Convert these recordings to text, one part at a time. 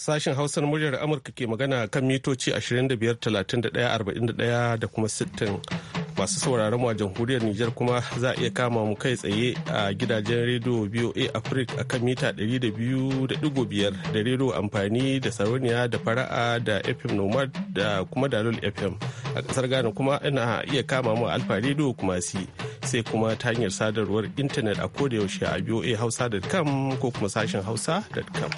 Sashen Hausar muryar Amurka ke magana kan mitoci 25,31,41 da kuma 60 masu sauraron wa jamhuriyar Nijar kuma za a iya kama mu kai tsaye a gidajen rediyo BOA Africa a kan mita 200.5 da rediyo amfani da sarauniya da fara'a da FM Nomad da kuma Dalol FM. A kasar Ghana kuma ina iya kama mu Alfa rediyo kuma si sai kuma ta hanyar sadarwar intanet a yaushe a hausa.com ko kuma sashen hausa.com.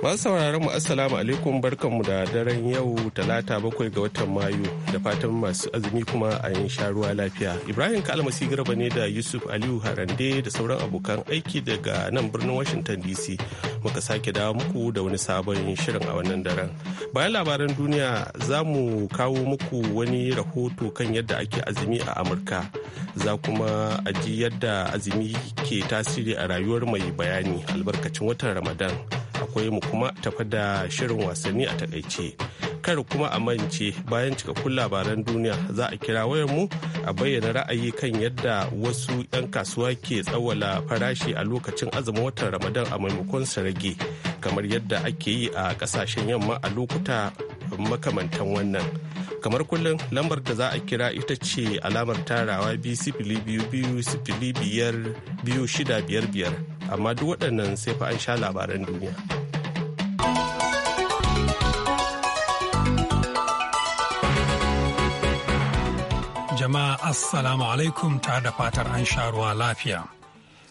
Masu sauraron mu assalamu alaikum barkanmu da daren yau talata bakwai ga watan Mayu da fatan masu azumi kuma a yin sharuwa lafiya. Ibrahim Kalmasi Garba ne da Yusuf Aliyu Harande da sauran abokan aiki daga nan birnin Washington DC muka sake dawo muku da wani sabon shirin a wannan daren. Bayan labaran duniya za mu kawo muku wani rahoto kan yadda ake azumi a Amurka. Za kuma aji yadda azumi ke tasiri a rayuwar mai bayani albarkacin watan Ramadan. akwai mu kuma tafa da shirin wasanni a takaice. Kar kuma a mance bayan cikakkun labaran duniya za a kira wayarmu a bayyana ra'ayi kan yadda wasu 'yan kasuwa ke tsawala farashi a lokacin azumin watan Ramadan a maimakon su rage kamar yadda ake yi a kasashen yamma a lokuta makamantan wannan. kamar kullum lambar da za a kira ita ce alamar tarawa biyu sifili biyu biyu sifili biyar biyu shida biyar biyar amma duk waɗannan sai fa an sha labaran duniya. jama'a assalamu alaikum ta da fatar an sha ruwa lafiya.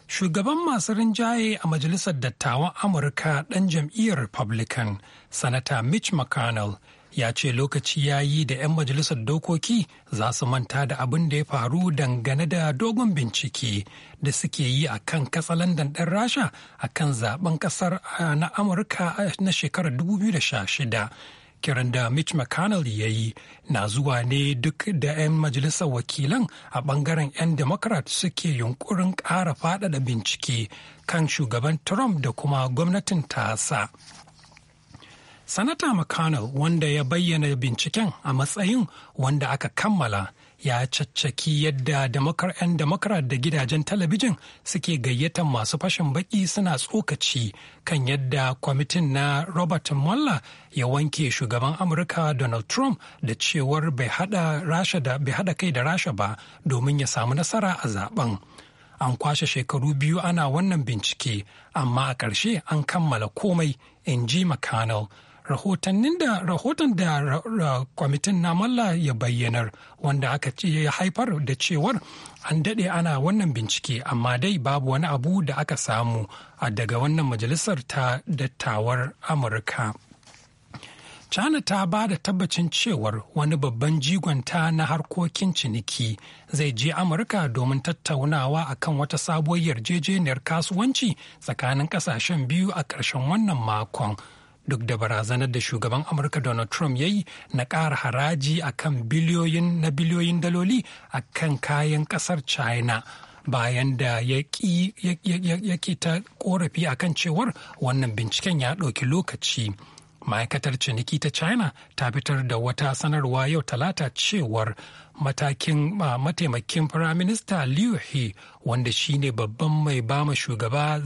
Shugaban masu rinjaye a Majalisar Dattawan Amurka ɗan jam'iyyar Republican, Sanata Mitch McConnell, ya ce lokaci ya yi da 'yan majalisar dokoki za su manta da abin da ya faru dangane da dogon bincike da suke yi a kan katsalandan ɗan rasha a kan zaben ƙasar na amurka na shekarar 2016 kiran da Mitch McConnell ya yi na zuwa ne duk da 'yan majalisar wakilan a bangaren 'yan Democrat suke yunkurin ƙara faɗaɗa bincike kan shugaban Trump da kuma gwamnatin tasa. Sanata McConnell wanda ya bayyana binciken a matsayin wanda aka kammala ya caccaki yadda 'yan demokrat da gidajen talabijin suke gayyatan masu fashin baki suna tsokaci kan yadda kwamitin na robert mueller ya wanke shugaban amurka donald trump da cewar bai hada kai da rasha ba domin ya samu nasara a zaben an kwashe shekaru biyu ana wannan bincike amma a ƙarshe an kammala komai in ji mcconnell rahotannin da rahoton da kwamitin namalla ya bayyanar wanda aka ce ya haifar da cewar an daɗe ana wannan bincike amma dai babu wani abu da aka samu a daga wannan majalisar ta dattawar amurka China ta ba da tabbacin cewar wani babban jigonta na harkokin ciniki zai je Amurka domin tattaunawa akan wata sabuwar yarjejeniyar kasuwanci tsakanin kasashen biyu a ƙarshen wannan makon. duk da barazanar da shugaban amurka donald trump ya yi na ƙara haraji a kan biliyoyin na biliyoyin daloli a kan kayan ƙasar china bayan da ki ta korafi kan cewar wannan binciken ya ɗauki lokaci ma'aikatar ciniki ta china ta fitar da wata sanarwa yau talata cewar matakin mataimakin firaminista liu he wanda shine babban mai bama shugaba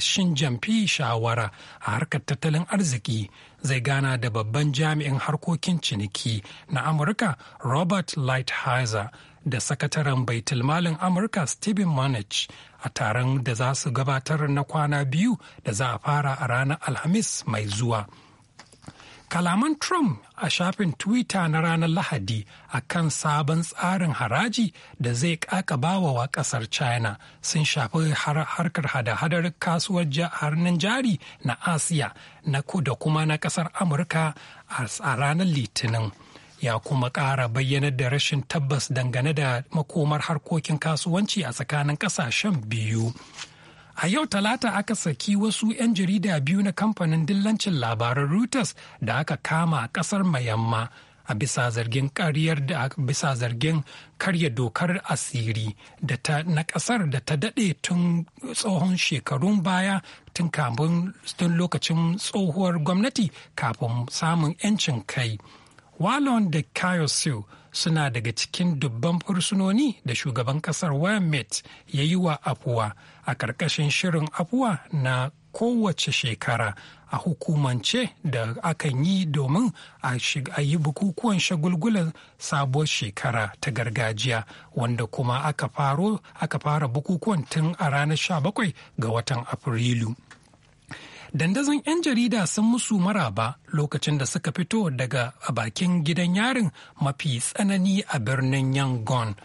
shin eh, jamfi shawara a harkar tattalin arziki zai gana da babban jami'in harkokin ciniki na Amurka Robert Lighthizer da sakataren baitulmalin Amurka Stephen Manich a taron da za su gabatar na kwana biyu da za a fara a ranar Alhamis mai zuwa. Kalaman Trump a shafin Twitter na ranar Lahadi a kan sabon tsarin haraji da zai kakabawa kasar China sun shafi harkar hada-hadar kasuwar harnin jari na Asiya na da kuma na kasar Amurka a ranar Litinin. ya kuma ƙara bayyana da rashin tabbas dangane da makomar harkokin kasuwanci a tsakanin ƙasashen biyu. A yau talata aka saki wasu 'yan jarida biyu na kamfanin dillancin labaran Reuters da aka kama a kasar Mayamma a bisa zargin zargin karya dokar asiri da ta na kasar da ta dade tun tsohon shekarun baya tun kamun tun lokacin tsohuwar gwamnati kafin samun 'yancin kai. Wallon da Kayosiu suna daga cikin dubban fursunoni da shugaban kasar Wayamet ya yi wa afuwa. a ƙarƙashin shirin afuwa na kowace shekara a hukumance da akan yi domin a yi bukukuwan shagulgulan sabuwar shekara ta gargajiya wanda kuma aka faro aka fara bukukuwan tun a ranar 17 ga watan afrilu dandazon 'yan jarida sun musu maraba lokacin da suka fito daga bakin gidan yarin mafi tsanani a birnin yangon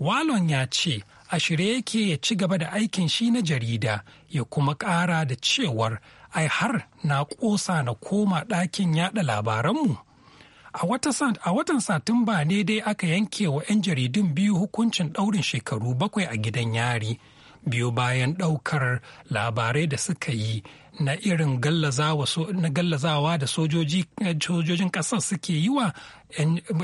walon ya ce a shirye yake ya ci gaba da aikin shi na jarida ya kuma kara da cewar ai har na kosa na koma ɗakin yada labaranmu. A watan Satumba ne dai aka yanke wa 'yan jaridun biyu hukuncin ɗaurin shekaru bakwai a gidan yari, biyu bayan ɗaukar labarai da suka yi na irin gallazawa da eh, sojojin ƙasar suke yi wa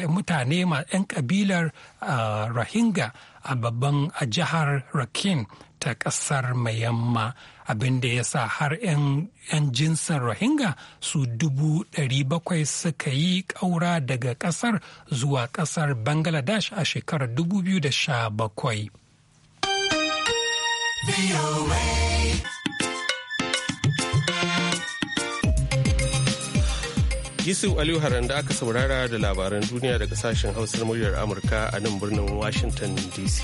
mutane ma 'yan ƙabilar ah, Rohingya a babban a jihar Rakhine ta ƙasar Mayamma abin da ya sa har 'yan jinsin Rohingya su dubu bakwai suka yi ƙaura daga ƙasar zuwa ƙasar Bangladesh a shekarar 2017. Yusuf Aliyu haran da aka saurara da labaran duniya daga sashen na muryar Amurka a nan birnin Washington DC.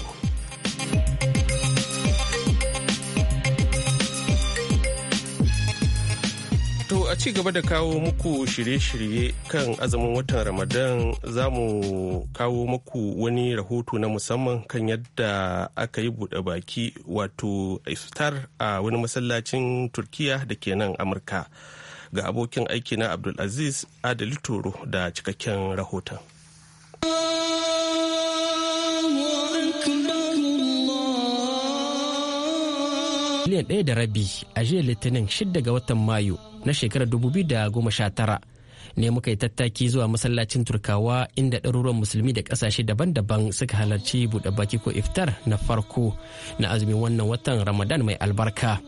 To a ci gaba da kawo muku shirye-shirye kan azumin watan Ramadan za mu kawo muku wani rahoto na musamman kan yadda aka yi buɗe baki wato iftar a wani masallacin Turkiya da ke nan Amurka. ga abokin aiki na abdulaziz adali toro da cikakken rahoton miliyan ɗaya da rabi a jiya litinin 6 ga watan mayu na shekarar 2019 ne muka yi tattaki zuwa masallacin turkawa inda ɗaruruwan musulmi da ƙasashe daban-daban suka halarci buɗe baki ko iftar na farko na azumin wannan watan ramadan mai albarka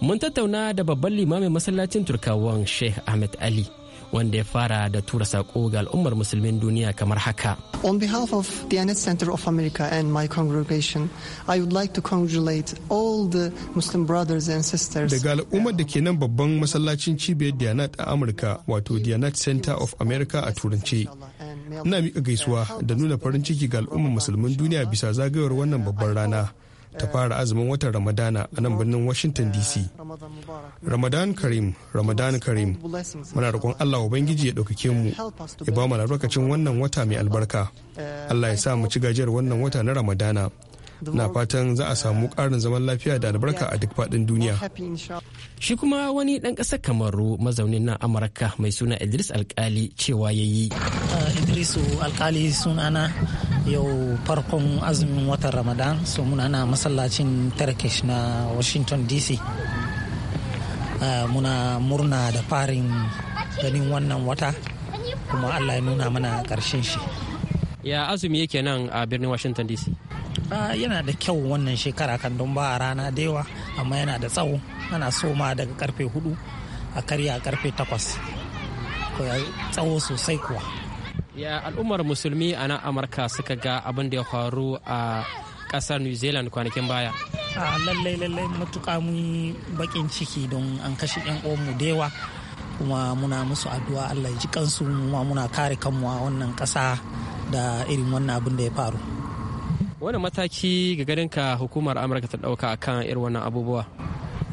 mun tattauna da babban limamin masallacin turkawan sheikh ahmed ali wanda ya fara da tura sako ga al'ummar musulmin duniya kamar haka. On behalf of the Anet Center of America and my congregation, I would like to congratulate all the Muslim brothers and sisters. Daga al'ummar da ke nan babban masallacin cibiyar Diyanat a Amurka, wato Diyanat Center of America a Turance. Ina miƙa gaisuwa da nuna farin ciki ga al'ummar musulmin duniya bisa zagayowar wannan babban rana. ta fara azumin watan ramadana a nan birnin washington dc ramadan karim ramadan karim muna roƙon allah ubangiji ya ɗaukake mu ya ba mu lokacin wannan wata mai albarka allah ya sa mu ci gajiyar wannan wata na ramadana na fatan za a samu karin uh, zaman lafiya da albarka a duk faɗin duniya shi kuma wani ɗan ƙasar kamaru mazaunin na amurka mai suna idris alkali cewa ya yi uh, idrisu alkali sunana yau farkon azumin watan ramadan so muna na masallacin turkish na washington dc uh, muna murna da farin ganin wannan wata kuma allah ya nuna mana karshen shi ya azumi yake nan a birnin washington dc ba yana da kyau wannan shekara kan don ba rana da yawa amma yana da tsawo ana soma daga karfe hudu a karya karfe takwas tsawo sosai kuwa ya al'ummar musulmi a nan amurka suka ga abin da ya faru a kasar new zealand kwanakin baya a lallai lallai matuka mun bakin ciki don an kashe yan mu da yawa kuma muna musu addu'a allah ji kansu muna kare kanmu a wannan kasa da irin wannan abin da ya faru wani mataki ga ka hukumar amurka ta dauka akan irin wannan abubuwa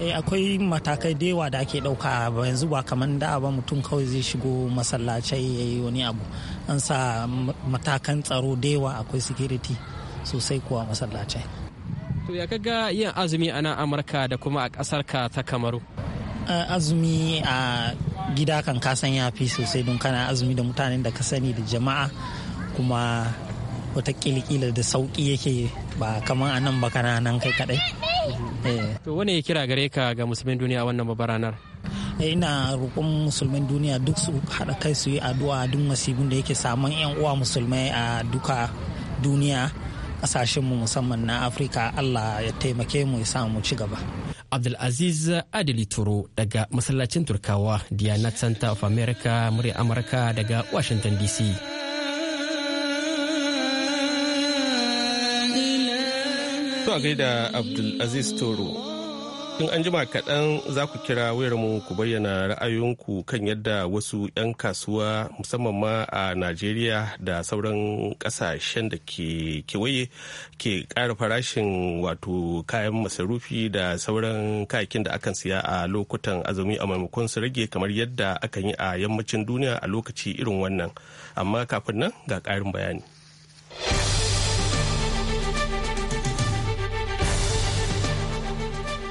eh akwai matakai da yawa da ake dauka ba yanzu ba kamar da ba mutum kawai zai shigo masallacai ya yi wani abu an sa matakan tsaro da yawa akwai security sosai kuwa masallacai to ya kaga yin azumi a nan amurka da kuma a kasar ka ta kamaru eh, azumi a gida kan kasan ya fi sosai don kana azumi da mutanen da ka sani da jama'a kuma wata kila da sauki yake ba kamar a nan ba nan kai kadai eh. to wani ya kira gare ka ga musulmin duniya wannan babaranar eh, ina roƙon musulmin duniya duk su haɗa kai su yi addu'a duk masibin da yake samun yan uwa musulmai a duka duniya mu musamman na afirka allah ya taimake mu ya samu ci gaba Abdulaziz Adili Turo daga masallacin Turkawa, Diana center of America, murya Amurka daga Washington DC. To a gaida Abdulaziz Toro. In an jima kaɗan za ku kira wayarmu ku bayyana ra'ayinku kan yadda wasu 'yan kasuwa musamman ma a Najeriya da sauran ƙasashen da ke kewaye ke ƙara farashin wato kayan masarufi da sauran kayakin da akan siya a lokutan azumi a maimakon su rage kamar yadda akan yi a yammacin duniya a lokaci irin wannan. Amma kafin nan ga ƙarin bayani.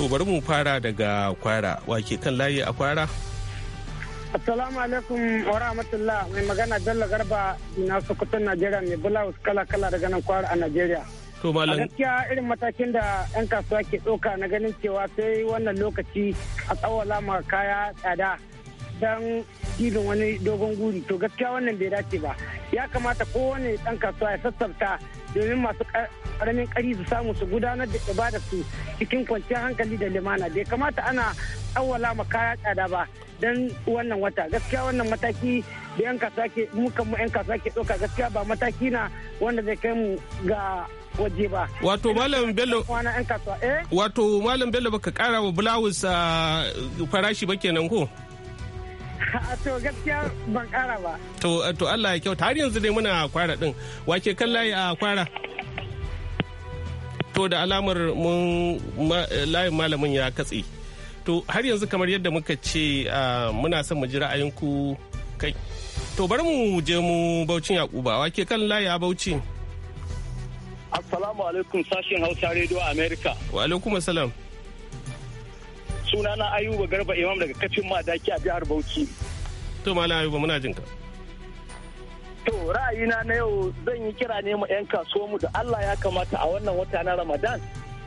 To bari mu fara daga kwara wake kan layi a kwara. Assalamu alaikum wa rahmatullah mai magana Bello Garba na Sokoton Najeriya mai bulawus kala kala daga nan kwara a Najeriya. To malam. A gaskiya irin matakin da 'yan kasuwa ke ɗauka na ganin cewa sai wannan lokaci a tsawala ma kaya tsada don filin wani dogon guri to gaskiya wannan bai dace ba. Ya kamata kowane ɗan kasuwa ya sassabta domin masu karamin kari su samu su gudanar da ibadar su cikin kwanciyar hankali da limana bai kamata ana tsawala ma kaya tsada ba don wannan wata gaskiya wannan mataki da yan kasuwa ke mukan mu yan kasuwa ke ɗauka gaskiya ba mataki na wanda zai kai mu ga waje ba wato malam bello eh? wato malam bello baka kara wa bulawus ah, farashi ba kenan ko to gaskiya ban kara ba. To Allah ya kyauta har yanzu dai muna kwara din. Wake kan layi a kwara. To da alamar mun layin malamin ya katse. To har yanzu kamar yadda muka ce muna son mu ji ra'ayinku kai. To bari mu je mu Baucin Yakuba wake kan layi a Bauchi. Assalamu alaikum sashen Hausa Radio America. Wa alaikum assalam. sunana ayuba garba imam daga kafin madaki a jihar bauchi to malam ayuba muna jin ka to ra'ayina na yau zan yi kira ne ma 'yan mu da allah ya kamata a wannan wata na ramadan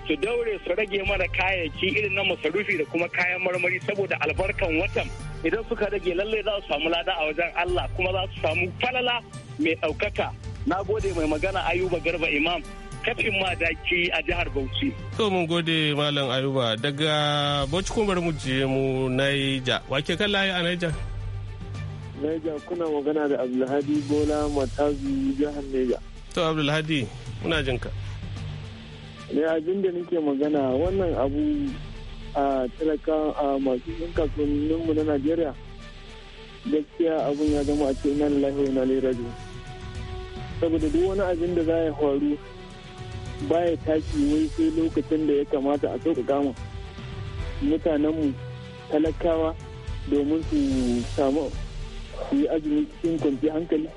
su daure su rage mana kayayyaki irin na masarufi da kuma kayan marmari saboda albarkan watan idan suka rage lallai za su samu lada a wajen allah kuma za su samu falala mai ɗaukaka na gode mai magana ayuba garba imam kafin madaki a jihar Bauchi. To mun gode Malam Ayuba daga Bauchi kuma mu je mu Naija. ke kan layi a Naija? Naija kuna magana da Abdulhadi Bola Matazu jihar Naija. To Abdulhadi muna ka. Ne abin da nake magana wannan abu a talaka a masu yin kasuwanninmu na Najeriya gaskiya abun ya zama a ce ina lillahi na ina ilaihi saboda duk wani abin da za ya faru baya taki wai sai lokacin da ya kamata a sauƙaƙa mu mutanenmu talakawa domin su samu su yi azumi cikin kwanci hankali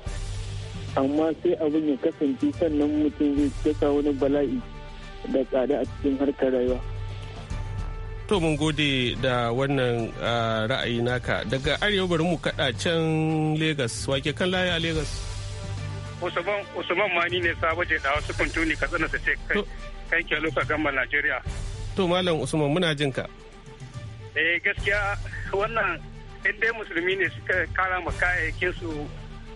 amma sai abin ya kasance sannan mutum zai kasa wani bala'i da tsada a cikin harkar rayuwa. To mun gode da wannan ah, ra'ayi naka daga arewa bari mu kaɗa can Legas wake kan layi a Legas. Usman Usman Mani ne sabo je da wasu kuntuni ka tsana su ce kai ke luka gama Najeriya. To Malam Usman muna jin ka. Eh gaskiya wannan in dai musulmi ne suka kara ma kayayyakin su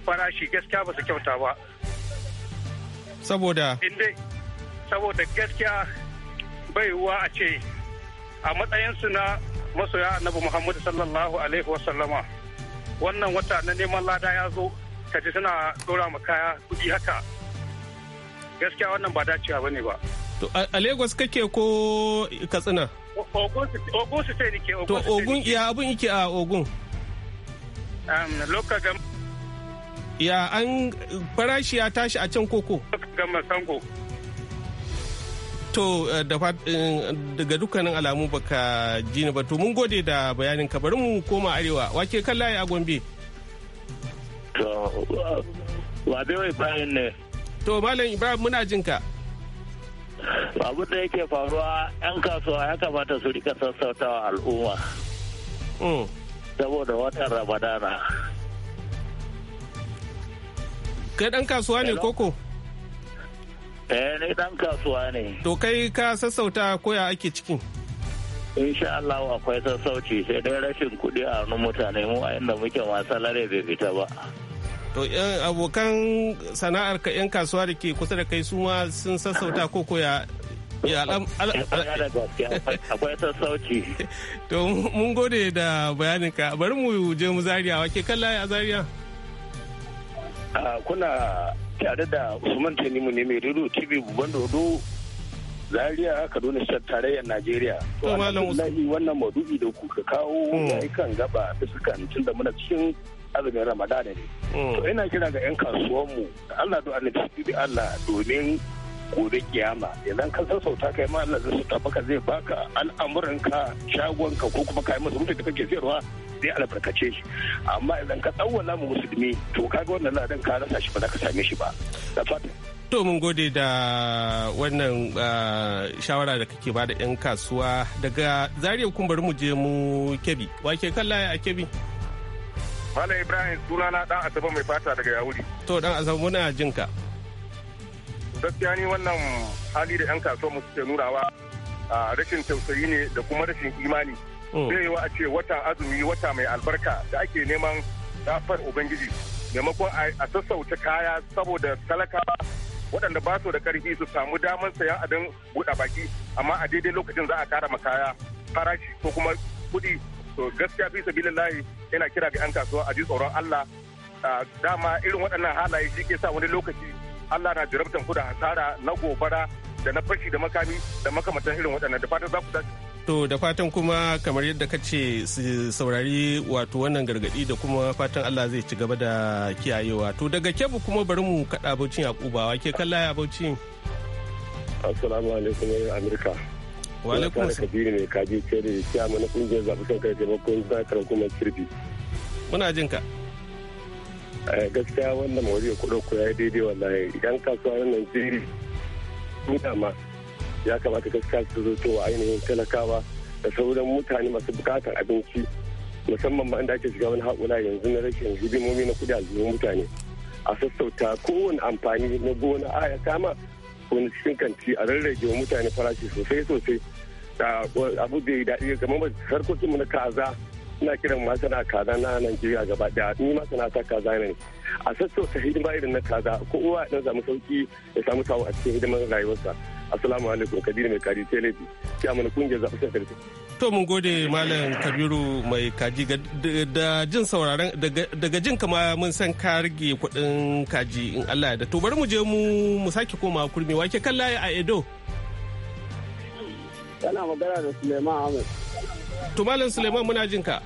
farashi gaskiya ba su kyauta ba. Saboda? In dai saboda gaskiya bai yiwuwa a ce a matsayinsu na masoya annabi Muhammadu sallallahu alaihi wasallama wannan wata na neman lada ya zo tace tana dora ma kaya kuɗi haka gaskiya wannan ba dacewa ba ne ba. To a Lagos kake ko Katsina? Ogun su sai nike. To Ogun ya abun yake a Ogun? Um, Lokal gam. Ya an farashi ya tashi a can koko? Lokal gam Sango. To eh, eh, daga dukkanin alamu baka ji ni ba to mun gode da bayanin ka bari mu koma arewa wake kan layi a Gombe. To, Wabewa bayan ne. To, Malam Ibrahim muna jin ka. Abu da yake faruwa 'yan kasuwa ya kamata su rika sassautawa al'umma. Hmm. Saboda watan Ramadana. Kai ɗan kasuwa ne koko? Eh, ni ɗan kasuwa ne. To, kai ka sassauta koya ake cikin? insha Allah akwai sassauci sai dai rashin kuɗi a wani mutane mu a inda muke masu lare bai fita ba. to abokan sana'ar ka yan kasuwa da ke kusa da kai su ma sun sassauta ko koya akwai sassauci to mun gode da bayaninka bari mu je mu zariya ke kalla ya zariya kuna tare da usman tanimu ne mai rudu tv buban dodo zaria kaduna shan tarayyar najeriya to alhamdulillah wannan maudu'i da kuka kawo hmm. ya kan gaba da sukan tun da muna cikin azumin ramadana ne mm. to ina kira ga 'yan kasuwanmu allah do allah da allah domin gobe kiyama idan ka sassauta kai ma Allah zai ta maka zai baka al'amuranka ka ko kuma kai masa mutum da kake ziyarwa. zai albarkace shi amma idan ka tsawwala mu musulmi to kaga wannan ladan ka rasa shi ba za ka same shi ba da fatan To mun gode da wannan ah, shawara da kake bada 'yan kasuwa daga zariya kun bari mu je mu kebi wake kan laya a kebi. Malam Ibrahim sunana ɗan Asabe mai fata daga Yahudi. To dan Asabe muna jin ka. Gaskiya ni wannan hali da 'yan kasuwa suke nunawa rashin tausayi ne da kuma rashin imani. Mm. Zai yiwa a ce wata azumi wata mai albarka da ake neman gafar Ubangiji. Maimakon a sassauta kaya saboda talakawa waɗanda ba su da ƙarfi su samu damar sayan abin buɗa baki amma a daidai lokacin za a kara makaya farashi ko kuma kuɗi to gaskiya fi layi yana kira ga 'yan kasuwa a ji tsoron Allah dama irin waɗannan halaye shi ke sa wani lokaci Allah na jarabtan ku da hasara na gobara da na fashi da makami da makamantan irin waɗannan da fatan za ku dace. To da fatan kuma kamar yadda ka ce saurari wato wannan gargadi da kuma fatan Allah zai ci gaba da kiyayewa. To daga kebu kuma bari mu kaɗa baucin Yakuba ke kalla ya baucin. Assalamu alaikum Amurka. wa salam ne kaji ce da ya mana kungiyar kan kai taimakon zakar muna jin ka gaskiya wannan mawari ya kuɗa ku ya daidai wallahi idan kasuwa na najeriya tuna ya kamata gaskiya su zo to ainihin talakawa da sauran mutane masu bukatar abinci musamman ma inda ake shiga wani haƙula yanzu na rashin hidimomi na a aljihun mutane a sassauta kowane amfani na gona a ya kama wani cikin kanti a rarrage wa mutane farashi sosai sosai abu da ya daɗi kamar harkokin mu na kaza ina kiran masana kaza na Najeriya gaba da ni masana ta kaza ne a sassau ta hidima irin na kaza ko uwa ɗan samu sauki ya samu tawo a cikin hidimar rayuwarsa assalamu alaikum kabiru mai kari telebi ya mana kungiyar zaɓe sai to mun gode malam kabiru mai kaji da jin sauraron daga jin kama mun san ka rage kuɗin kaji in Allah ya da to bari mu je mu sake koma kurmi wake kalla a Edo yana magana da Suleiman Ahmed. Tumalin Suleiman muna jin ka.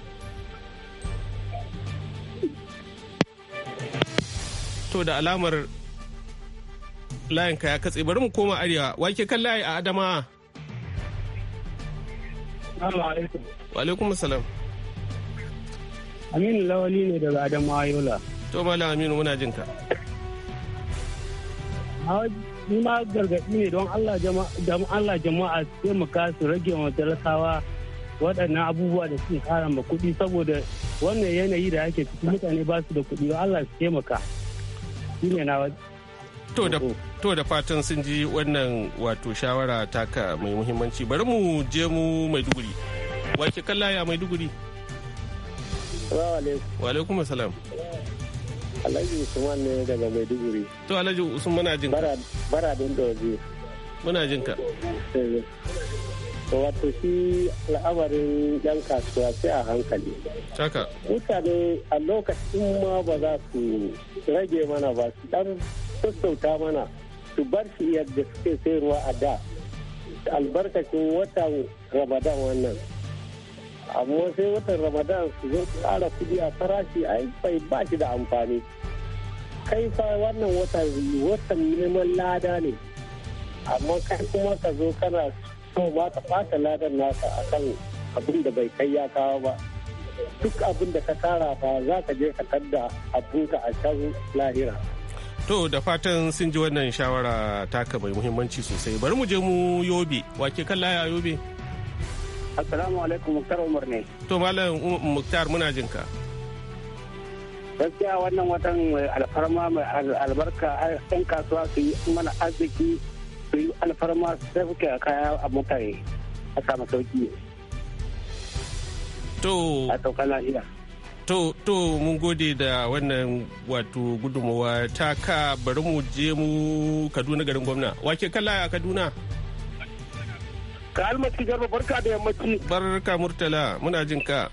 To da alamar layinka ya katse bari mu koma arewa wake kan layi a adama. Wa alaikum salam. Aminu Lawali ne daga Adamu Yola. To Malam Aminu muna jinka. ni ma gargaɗi ne don Allah jama'a su taimaka su rage wa talakawa waɗannan abubuwa da suke kara ma kuɗi saboda wannan yanayi da ake ciki mutane ba su da kuɗi don Allah su taimaka shi ne na To da fatan sun ji wannan wato shawara taka mai muhimmanci bari mu je mu Maiduguri. Wake mai Maiduguri? Wa alaikum salam. Alhaji Usman ne daga Maiduguri. To Alhaji Usman muna jin ka. Bara don dozi. Muna jin ka. Eh. Wato shi al'amarin yan kasuwa sai a hankali. Caka. Mutane a lokacin ma ba za su rage mana ba su dan sassauta mana su bar shi yadda suke sayarwa a da albarkacin watan Ramadan wannan. amma sai watan ramadan su zo kara kudi a farashi yi bai ba shi da amfani kai fa wannan watan watan neman lada ne amma kai kuma ka zo kana so ba ka fata ladan a kan abin da bai kai ya kawo ba duk abin da ka tara fa za ka je ka tadda abinka a can lahira To da fatan sun ji wannan shawara taka mai muhimmanci sosai bari mu je mu yobe wake kan laya yobe. Assalamu alaikum Muktar Umar ne. To Malam Muktar muna jin ka. Gaskiya wannan watan alfarma mai albarka ɗan kasuwa su yi mana arziki su yi alfarma su sauke a kaya a mutane a samu sauki. To. A saukan lafiya. To, to mun gode da wannan wato gudunmawa ta ka bari mu je mu Kaduna garin gwamna. Wake kalla a Kaduna? Ka almasi garba barka da yammaci. Barka Murtala muna jin ka.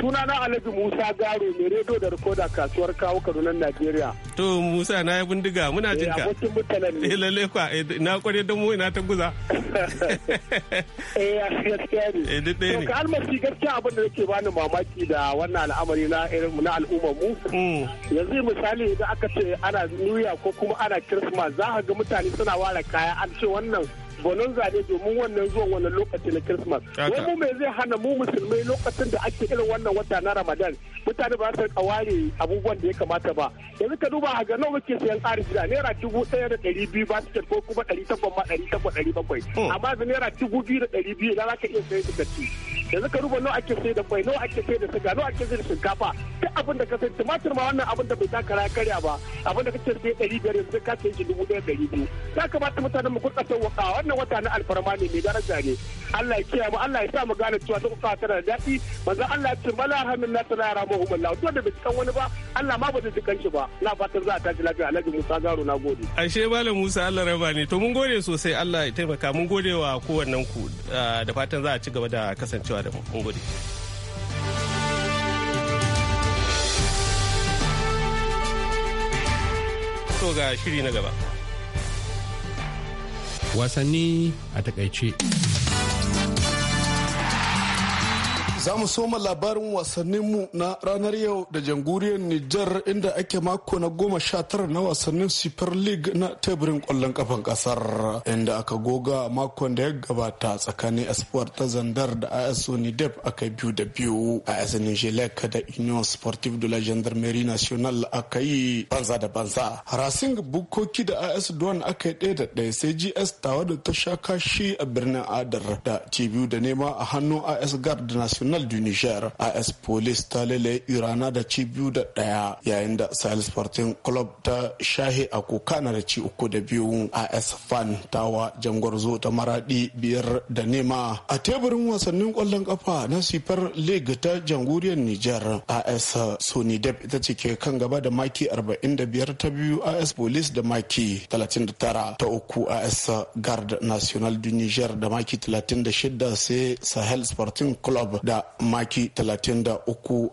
Suna na Alhaji Musa gare mai redo da rikoda kasuwar kawo Kadunan Najeriya. To Musa na yi bindiga muna jin ka. Eh, abokin mutanen ne. Eh lalle kwa eh, na kware don mu ina ta guza. Eh gaskiya ne. Eh duk ɗaya ne. Ka almasi gaskiya abin da yake bani mamaki da wannan al'amari na irin na al'ummar mu. Hmm. Yanzu misali idan aka ce ana New Year ko kuma ana Christmas za ka ga mutane suna ware kaya an ce wannan bonon zane domin wannan zuwan wannan lokacin na Christmas. Wai mu me zai hana mu musulmai lokacin da ake irin wannan wata na Ramadan mutane ba su kaware abubuwan da ya kamata ba. Yanzu ka duba a ga nawa muke sayan tsarin gida naira dubu ɗaya da ɗari biyu ba tiket ko kuma ɗari takwas ma ɗari takwas ɗari bakwai. Hmm. Amma naira dubu biyu da ɗari biyu da za ka iya sayan su yanzu ka duba nawa ake sai da kwai nawa ake sai da siga nawa ake sai da shinkafa duk abin da ka sai tumatir ma wannan abin da bai taka raya karya ba abin da kake sai ɗari biyar yanzu ka sai shi dubu ɗaya ɗari biyu ta kamata mutanen mu kurɗa sauwaƙa wannan wata na alfarma ne mai daraja ne Allah ya kiyaye mu Allah ya sa mu gane cewa ta kuka tana da daɗi manzo Allah ya ce mala hamin na tana yara mu Allah to da bai kan wani ba Allah ma ba zai kan shi ba na fatan za a tashi lafiya Alhaji Musa Garo na gode ashe malam Musa Allah raba ne to mun gode sosai Allah ya taimaka mun gode wa kowannen ku ah, da fatan za a ci gaba da kasancewa Adamu Obade. ga shiri na gaba. Wasanni a takaice. Za mu soma labarin wasannin mu na ranar yau da jamhuriyar Nijar inda ake mako na goma sha tara na wasannin Super League na teburin kwallon kafan kasar inda aka goga makon da ya gabata tsakanin Espoir ta Zandar da AS Unidep aka biyu da biyu AS Nijelek da Union Sportive de la Gendarmerie Nationale aka yi banza da banza. Racing Bukoki da AS Duan aka yi ɗaya da ɗaya sai GS Tawa da ta sha kashi a birnin Adar da ci da nema a hannun AS Guard National national du niger as police ta lele irana da ci biyu da daya yayin da sahel sporting club ta shahe a kokana da ci uku da biyu as fan tawa jangwarzo ta maradi biyar da nema a teburin wasannin kwallon kafa na super league ta jamhuriyar niger as sonidep ita ce ke kan gaba da maki 45 ta biyu as police da maki 39 ta uku as guard national du niger da maki 36 sai sahel sporting club da maki 33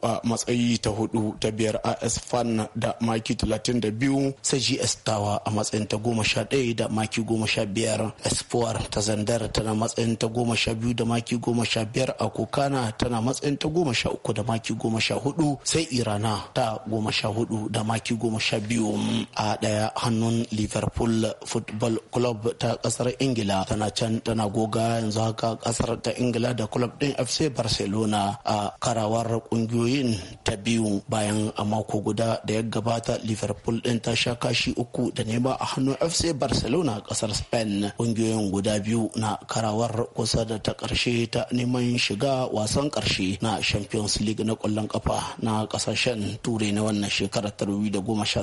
a matsayi ta hudu ta biyar as fan da maki 32 sai gs tawa a matsayin ta 11 da maki 15 espoir ta zandar tana matsayin ta 12 da maki 15 a kokana tana matsayin ta 13 da maki 14 sai irana ta 14 da maki 12 a daya hannun liverpool football club ta kasar ingila tana can tana goga yanzu haka kasar ta ingila da club din fc barcelona tattauna a karawar kungiyoyin ta biyu bayan a mako guda da ya gabata liverpool din ta sha kashi uku da nema a hannun fc barcelona ƙasar spain kungiyoyin guda biyu na karawar kusa da ta ƙarshe ta neman shiga wasan karshe na champions league na kwallon ƙafa na kasashen turai na wannan shekarar ta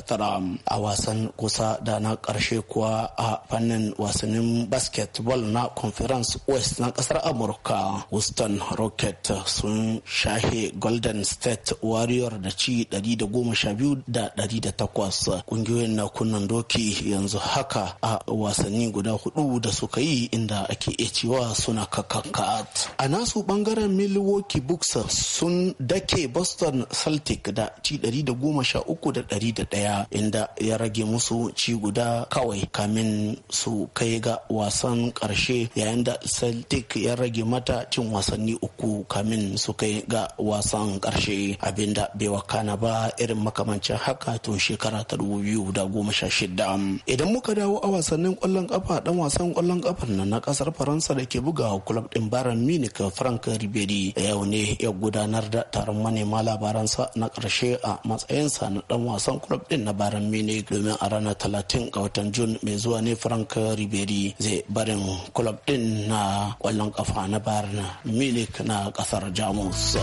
tara a wasan kusa da na karshe kuwa a fannin wasannin basketball na conference west na ƙasar amurka houston rocket sun shahe Golden State Warrior da ci 112 da 108 kungiyoyin na kunnan doki yanzu haka a wasanni guda hudu da suka yi inda ake iya cewa suna kakanka A nasu bangaren Milwaukee Bucks sun dake Boston Celtic da ci 113 da 101 inda ya rage musu ci guda kawai kamin su kai ga wasan karshe yayin da Celtic ya rage mata cin wasanni uku kamin min su kai ga wasan karshe abinda bai wakana ba irin makamancin haka tun shekara ta dubu biyu da goma sha shida idan muka dawo a wasannin kwallon kafa ɗan wasan kwallon kafar na kasar faransa da ke buga kulab din baran munich frank ribery yau ne ya gudanar da taron manema labaransa na karshe a matsayinsa na ɗan wasan kulab din na baran munich domin a ranar talatin ga watan jun mai zuwa ne frank ribery zai barin kulab din na kwallon kafa na baran munich na kasar kasar jamus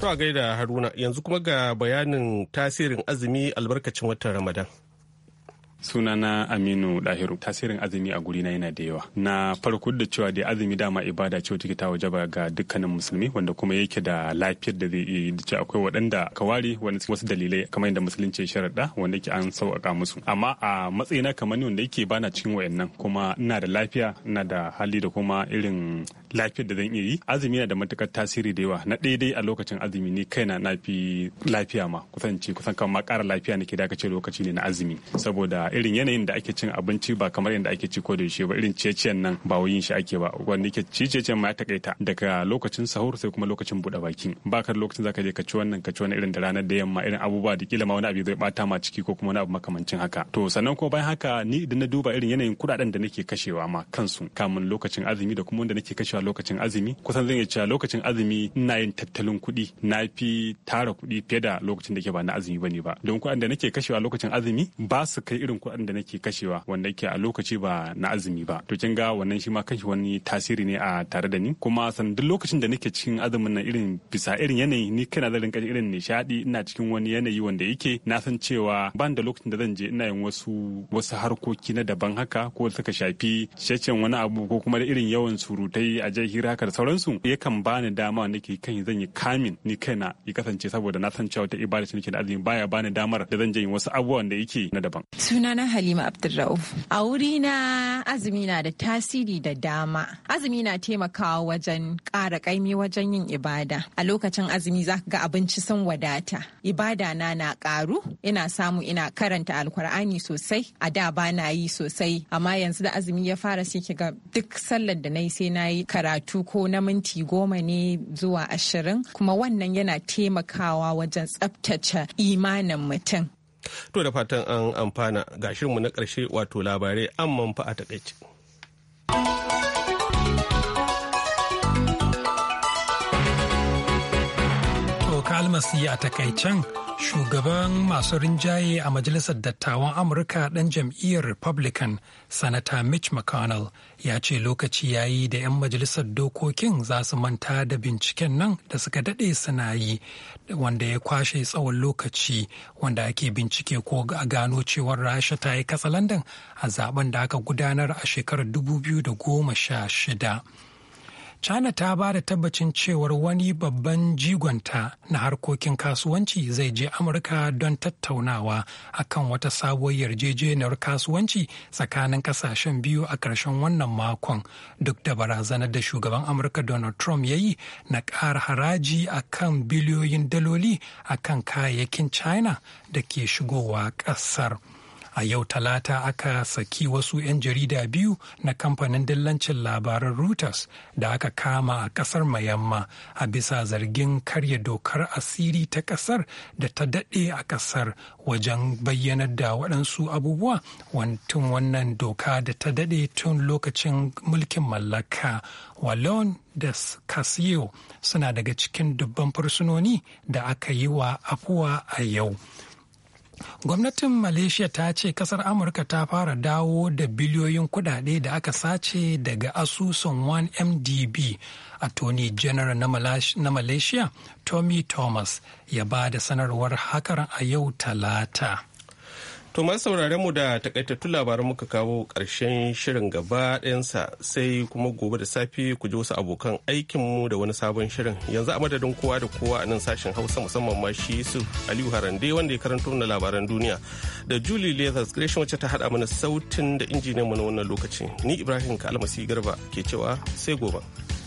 to a gaida haruna yanzu kuma ga bayanin tasirin azumi albarkacin watan ramadan sunana aminu dahiru tasirin azumi a gurina yana da yawa na farko da cewa da azumi dama ibada ce take ta wajaba ga dukkanin musulmi wanda kuma yake da lafiyar da zai yi. da cewa akwai waɗanda kawari wani wasu dalilai kamar yadda musulunci ya sharaɗa wanda yake an sauƙaƙa musu amma a matsayina kamar ni wanda yake bana cikin wayannan kuma ina da lafiya ina da hali da kuma irin lafiyar da zan iya yi azumi yana da matukar tasiri da yawa na daidai a lokacin azumi ni kai na fi lafiya ma kusanci kusan kan ma ƙara lafiya nake da aka ce lokaci ne na azumi saboda irin yanayin da ake cin abinci ba kamar yadda ake ci ko da yaushe ba irin ciye nan ba yin shi ake ba wanda yake ciye ceciyan ma ya takaita daga lokacin sahur sai kuma lokacin buɗe baki baka da lokacin zaka je ka ci wannan ka ci wannan irin da ranar da yamma irin abubuwa da kila ma wani abu zai bata ma ciki ko kuma wani abu makamancin haka to sannan kuma bayan haka ni idan na duba irin yanayin kudaden da nake kashewa ma kansu kamun lokacin azumi da kuma wanda nake kashewa lokacin azumi kusan zan iya cewa lokacin azumi ina yin tattalin kuɗi na fi tara kuɗi fiye da lokacin da ke ba na azumi bane ba don kuɗaɗen da nake kashewa lokacin azumi ba su kai irin kuɗin da nake kashewa wanda yake a lokaci ba na azumi ba to kin ga wannan shi ma kanshi wani tasiri ne a tare da ni kuma san duk lokacin da nake cikin azumin nan irin bisa irin yanayi ni kana da rinka irin nishadi ina cikin wani yanayi wanda yake na san cewa ban da lokacin da zan je ina yin wasu wasu harkoki na daban haka ko suka shafi shacen wani abu ko kuma da irin yawan surutai a jahir haka da sauransu yakan bani dama ke kan zan yi kamin ni kaina ya kasance saboda na san cewa ta ibada ce nake da azumi baya bani damar da zan je yin wasu abubuwan da yake na daban suna sunana Halima Abdulrauf. A wuri na azumi na da tasiri da dama. Azumi na taimakawa wajen ƙara ƙaimi wajen yin ibada. A lokacin azumi za ga abinci sun wadata. Ibada na na ƙaru, ina samu ina karanta alkur'ani sosai. A da ba na yi sosai, amma yanzu da azumi ya fara sai ga duk sallar da na yi sai na yi karatu ko na minti goma ne zuwa ashirin. Kuma wannan yana taimakawa wajen tsaftace imanin mutum. To da fatan an amfana ga shirinmu na ƙarshe wato labarai an manfa a taƙaice. To kalmasi a takaicen Shugaban masu rinjaye a Majalisar Dattawan Amurka ɗan jam'iyyar Republican, Sanata Mitch McConnell, ya ce lokaci ya yi da 'yan majalisar dokokin za su manta da binciken nan da suka daɗe suna yi wanda ya kwashe tsawon lokaci wanda ake bincike ko a gano cewar rasha ta yi katsalandan a zaben da aka gudanar a shekarar 2016. China ta ba da tabbacin cewar wani babban jigonta na harkokin kasuwanci zai je Amurka don tattaunawa akan wata sabuwar yarjejeniyar kasuwanci tsakanin kasashen biyu a ƙarshen wannan makon duk da barazanar da shugaban Amurka Donald Trump ya yi na ƙara haraji a kan biliyoyin daloli akan kayayyakin China da ke shigowa ƙasar. a yau talata aka saki wasu 'yan jarida biyu na kamfanin dillancin labaran reuters da aka kama a kasar mayamma a bisa zargin karya dokar asiri ta kasar da ta daɗe a kasar wajen bayyanar da waɗansu abubuwa tun wannan doka da ta daɗe tun lokacin mulkin mallaka wallon da kasiyo suna daga cikin dubban fursunoni da aka yi wa afuwa a yau Gwamnatin Malaysia ta ce kasar Amurka ta fara dawo da biliyoyin kudade da aka sace daga asusun 1MDB. Attorney General na Malaysia, Tommy Thomas, ya ba da sanarwar hakan a yau Talata. To masu sauraren mu da takaitattun labaran muka kawo ƙarshen shirin gaba ɗayansa sai kuma gobe da safe ku ji wasu abokan mu da wani sabon shirin. Yanzu a madadin kowa da kowa a nan sashen Hausa musamman ma shi su Aliyu Harande wanda ya karanto mana labaran duniya da Julie Leathers Gresham wacce ta haɗa mana sautin da injiniyan mu na wannan lokaci. Ni Ibrahim Kalmasi Garba ke cewa sai gobe.